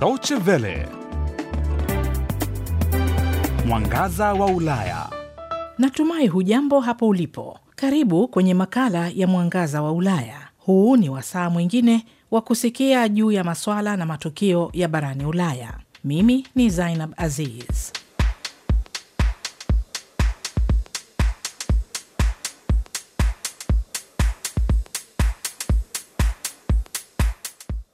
Deutsche Welle, Mwangaza wa Ulaya. Natumai hujambo hapo ulipo. Karibu kwenye makala ya Mwangaza wa Ulaya. Huu ni wasaa mwingine wa kusikia juu ya maswala na matukio ya barani Ulaya. Mimi ni Zainab Aziz.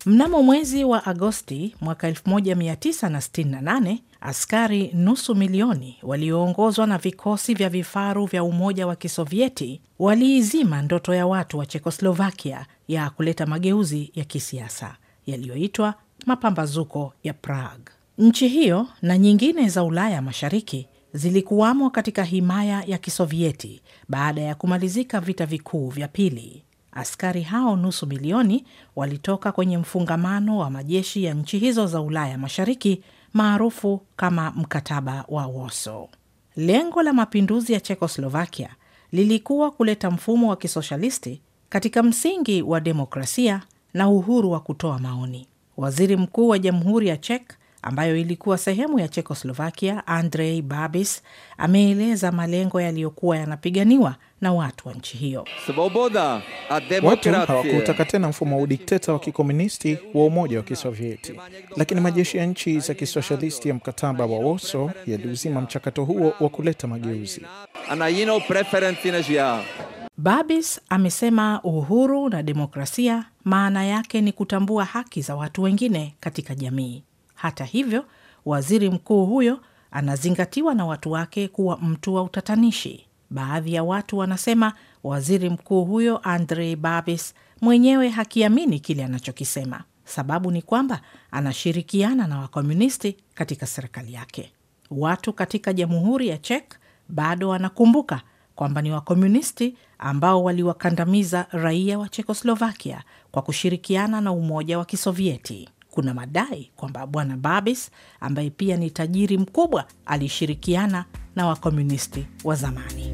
Mnamo mwezi wa Agosti mwaka 1968 askari nusu milioni walioongozwa na vikosi vya vifaru vya Umoja wa Kisovieti waliizima ndoto ya watu wa Chekoslovakia ya kuleta mageuzi ya kisiasa yaliyoitwa mapambazuko ya Prague. Nchi hiyo na nyingine za Ulaya Mashariki zilikuwamo katika himaya ya Kisovieti baada ya kumalizika vita vikuu vya pili. Askari hao nusu milioni walitoka kwenye mfungamano wa majeshi ya nchi hizo za Ulaya Mashariki maarufu kama mkataba wa woso Lengo la mapinduzi ya Chekoslovakia lilikuwa kuleta mfumo wa kisoshalisti katika msingi wa demokrasia na uhuru wa kutoa maoni. Waziri Mkuu wa Jamhuri ya chek ambayo ilikuwa sehemu ya Chekoslovakia, Andrei Babis ameeleza malengo yaliyokuwa yanapiganiwa na watu wa nchi hiyo. Watu hawakutaka tena mfumo wa udikteta wa kikomunisti wa Umoja wa Kisovieti, lakini majeshi ya nchi za kisoshalisti ya mkataba wa Woso yaliuzima mchakato huo wa kuleta mageuzi. Babis amesema uhuru na demokrasia maana yake ni kutambua haki za watu wengine katika jamii. Hata hivyo, waziri mkuu huyo anazingatiwa na watu wake kuwa mtu wa utatanishi. Baadhi ya watu wanasema waziri mkuu huyo Andrei Babis mwenyewe hakiamini kile anachokisema. Sababu ni kwamba anashirikiana na wakomunisti katika serikali yake. Watu katika jamhuri ya chek bado wanakumbuka kwamba ni wakomunisti ambao waliwakandamiza raia wa Chekoslovakia kwa kushirikiana na Umoja wa Kisovieti kuna madai kwamba Bwana Babis ambaye pia ni tajiri mkubwa alishirikiana na wakomunisti wa zamani.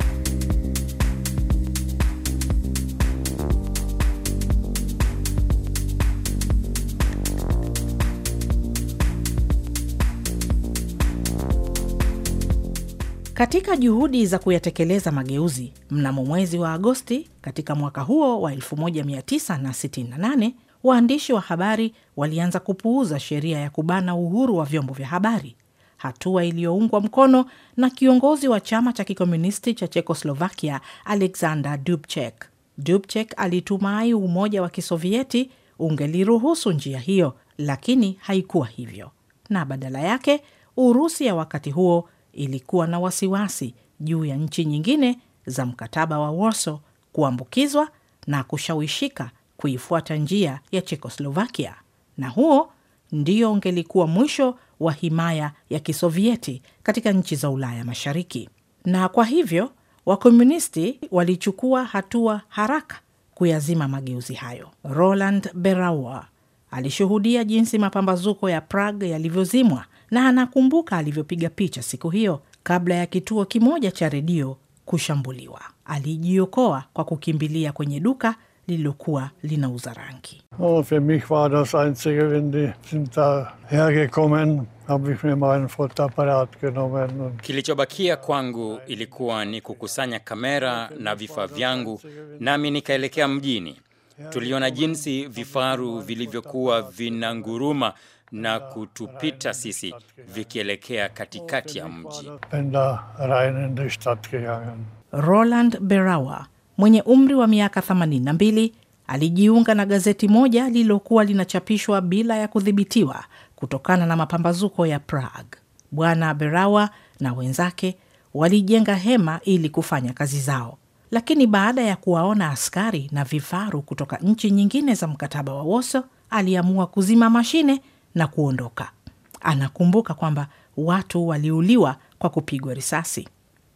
Katika juhudi za kuyatekeleza mageuzi, mnamo mwezi wa Agosti katika mwaka huo wa 1968 waandishi wa habari walianza kupuuza sheria ya kubana uhuru wa vyombo vya habari, hatua iliyoungwa mkono na kiongozi wa chama cha kikomunisti cha Chekoslovakia Alexander dubchek dubchek alitumai Umoja wa Kisovieti ungeliruhusu njia hiyo, lakini haikuwa hivyo, na badala yake Urusi ya wakati huo ilikuwa na wasiwasi juu ya nchi nyingine za mkataba wa warso kuambukizwa na kushawishika kuifuata njia ya Chekoslovakia, na huo ndio ungelikuwa mwisho wa himaya ya Kisovieti katika nchi za Ulaya Mashariki. Na kwa hivyo wakomunisti walichukua hatua haraka kuyazima mageuzi hayo. Roland Beraua alishuhudia jinsi mapambazuko ya prag yalivyozimwa na anakumbuka alivyopiga picha siku hiyo kabla ya kituo kimoja cha redio kushambuliwa. Alijiokoa kwa kukimbilia kwenye duka lililokuwa linauza rangi. Oh, für mich war das einzige, wenn die sind da hergekommen habe ich mir Fotoapparat genommen. Kilichobakia kwangu ilikuwa ni kukusanya kamera na vifaa vyangu, nami nikaelekea mjini. Tuliona jinsi vifaru vilivyokuwa vinanguruma na kutupita sisi vikielekea katikati ya mji. Roland Berawa mwenye umri wa miaka 82 alijiunga na gazeti moja lililokuwa linachapishwa bila ya kudhibitiwa kutokana na mapambazuko ya Prague. Bwana Berawa na wenzake walijenga hema ili kufanya kazi zao, lakini baada ya kuwaona askari na vifaru kutoka nchi nyingine za mkataba wa Woso, aliamua kuzima mashine na kuondoka. Anakumbuka kwamba watu waliuliwa kwa kupigwa risasi.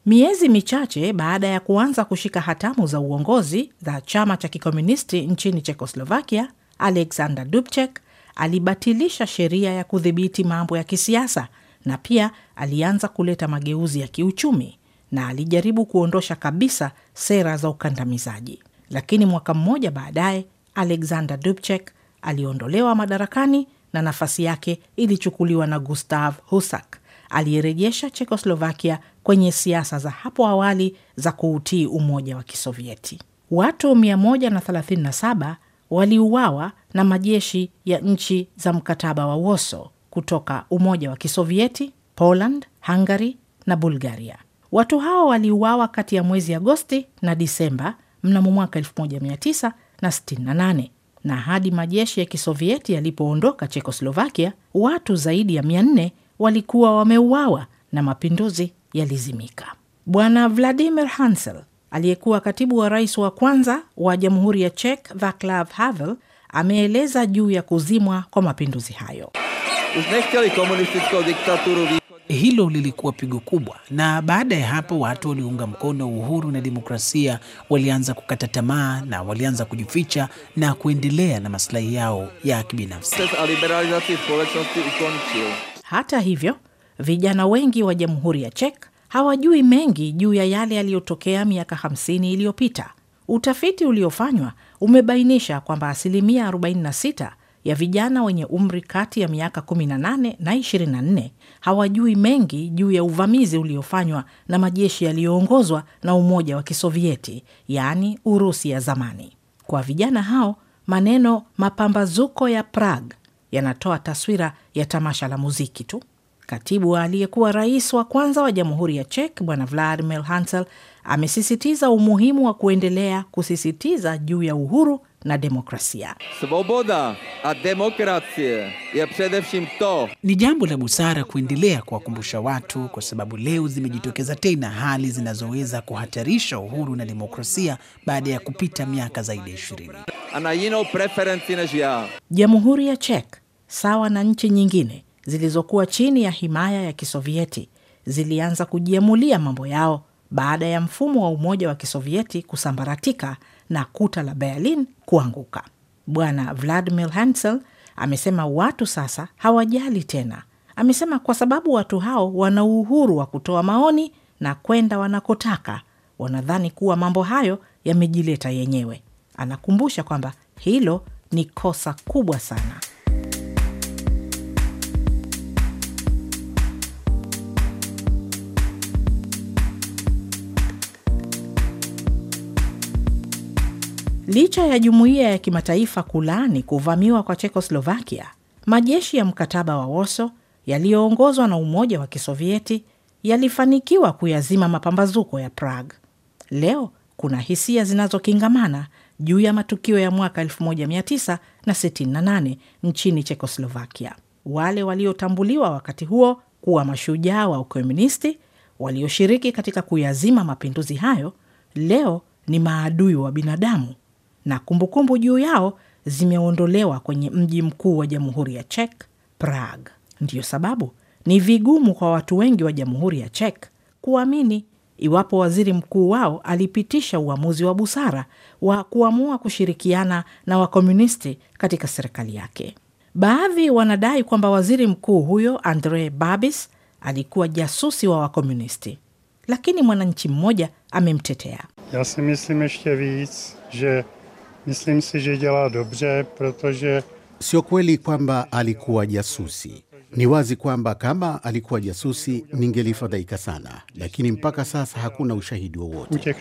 Miezi michache baada ya kuanza kushika hatamu za uongozi za chama cha kikomunisti nchini Chekoslovakia, Alexander Dubchek alibatilisha sheria ya kudhibiti mambo ya kisiasa na pia alianza kuleta mageuzi ya kiuchumi na alijaribu kuondosha kabisa sera za ukandamizaji. Lakini mwaka mmoja baadaye, Alexander Dubchek aliondolewa madarakani na nafasi yake ilichukuliwa na Gustav Husak aliyerejesha Chekoslovakia kwenye siasa za hapo awali za kuutii Umoja wa Kisovieti. Watu 137 waliuawa na majeshi ya nchi za mkataba wa Woso kutoka Umoja wa Kisovieti, Poland, Hungary na Bulgaria. Watu hao waliuawa kati ya mwezi Agosti na Disemba mnamo mwaka 1968 na hadi majeshi ya Kisovieti yalipoondoka Chekoslovakia, watu zaidi ya 400 walikuwa wameuawa na mapinduzi yalizimika. Bwana Vladimir Hansel aliyekuwa katibu wa rais wa kwanza wa jamhuri ya Czech Vaclav Havel ameeleza juu ya kuzimwa kwa mapinduzi hayo. Hilo lilikuwa pigo kubwa, na baada ya hapo watu waliunga mkono uhuru na demokrasia walianza kukata tamaa na walianza kujificha na kuendelea na masilahi yao ya kibinafsi. Hata hivyo Vijana wengi wa Jamhuri ya chek hawajui mengi juu ya yale yaliyotokea miaka 50 iliyopita. Utafiti uliofanywa umebainisha kwamba asilimia 46 ya vijana wenye umri kati ya miaka 18 na 24 hawajui mengi juu ya uvamizi uliofanywa na majeshi yaliyoongozwa na Umoja wa Kisovieti, yaani Urusi ya zamani. Kwa vijana hao, maneno mapambazuko ya prag yanatoa taswira ya tamasha la muziki tu. Katibu aliyekuwa rais wa kwanza wa Jamhuri ya chek Bwana Vladimir Hansel amesisitiza umuhimu wa kuendelea kusisitiza juu ya uhuru na demokrasia. Svoboda a demokracie je predevshim to. Ni jambo la busara kuendelea kuwakumbusha watu, kwa sababu leo zimejitokeza tena hali zinazoweza kuhatarisha uhuru na demokrasia baada ya kupita miaka zaidi ya ishirini. Anayino preferenci než ya Jamhuri ya chek sawa na nchi nyingine zilizokuwa chini ya himaya ya Kisovieti zilianza kujiamulia mambo yao baada ya mfumo wa Umoja wa Kisovieti kusambaratika na kuta la Berlin kuanguka. Bwana Vladimir Hansel amesema watu sasa hawajali tena. Amesema kwa sababu watu hao wana uhuru wa kutoa maoni na kwenda wanakotaka, wanadhani kuwa mambo hayo yamejileta yenyewe. Anakumbusha kwamba hilo ni kosa kubwa sana. Licha ya jumuiya ya kimataifa kulani kuvamiwa kwa Chekoslovakia, majeshi ya mkataba wa woso yaliyoongozwa na Umoja wa Kisovieti yalifanikiwa kuyazima mapambazuko ya Prague. Leo kuna hisia zinazokingamana juu ya matukio ya mwaka 1968 nchini Chekoslovakia. Wale waliotambuliwa wakati huo kuwa mashujaa wa ukomunisti walioshiriki katika kuyazima mapinduzi hayo leo ni maadui wa binadamu na kumbukumbu juu yao zimeondolewa kwenye mji mkuu wa Jamhuri ya chek Prague. Ndiyo sababu ni vigumu kwa watu wengi wa Jamhuri ya chek kuamini iwapo waziri mkuu wao alipitisha uamuzi wa busara wa kuamua kushirikiana na wakomunisti katika serikali yake. Baadhi wanadai kwamba waziri mkuu huyo Andre Babis alikuwa jasusi wa wakomunisti, lakini mwananchi mmoja amemtetea. ja si Myslím si, že dělá dobře, protože... Sio kweli kwamba alikuwa jasusi. Ni wazi kwamba kama alikuwa jasusi ningelifadhaika sana, lakini mpaka sasa hakuna ushahidi wowote.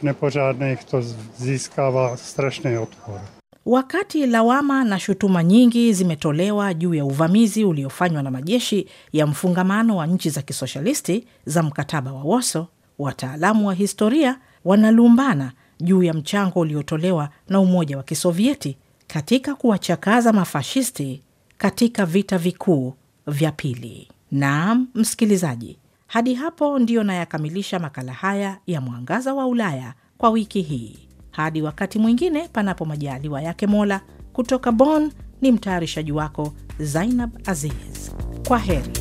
Wakati lawama na shutuma nyingi zimetolewa juu ya uvamizi uliofanywa na majeshi ya mfungamano wa nchi za kisoshalisti za mkataba wa Woso, wataalamu wa historia wanalumbana juu ya mchango uliotolewa na Umoja wa Kisovieti katika kuwachakaza mafashisti katika vita vikuu vya pili. nam msikilizaji, hadi hapo ndiyo nayakamilisha makala haya ya Mwangaza wa Ulaya kwa wiki hii. Hadi wakati mwingine, panapo majaliwa yake Mola. Kutoka bon ni mtayarishaji wako Zainab Aziz. Kwa heri.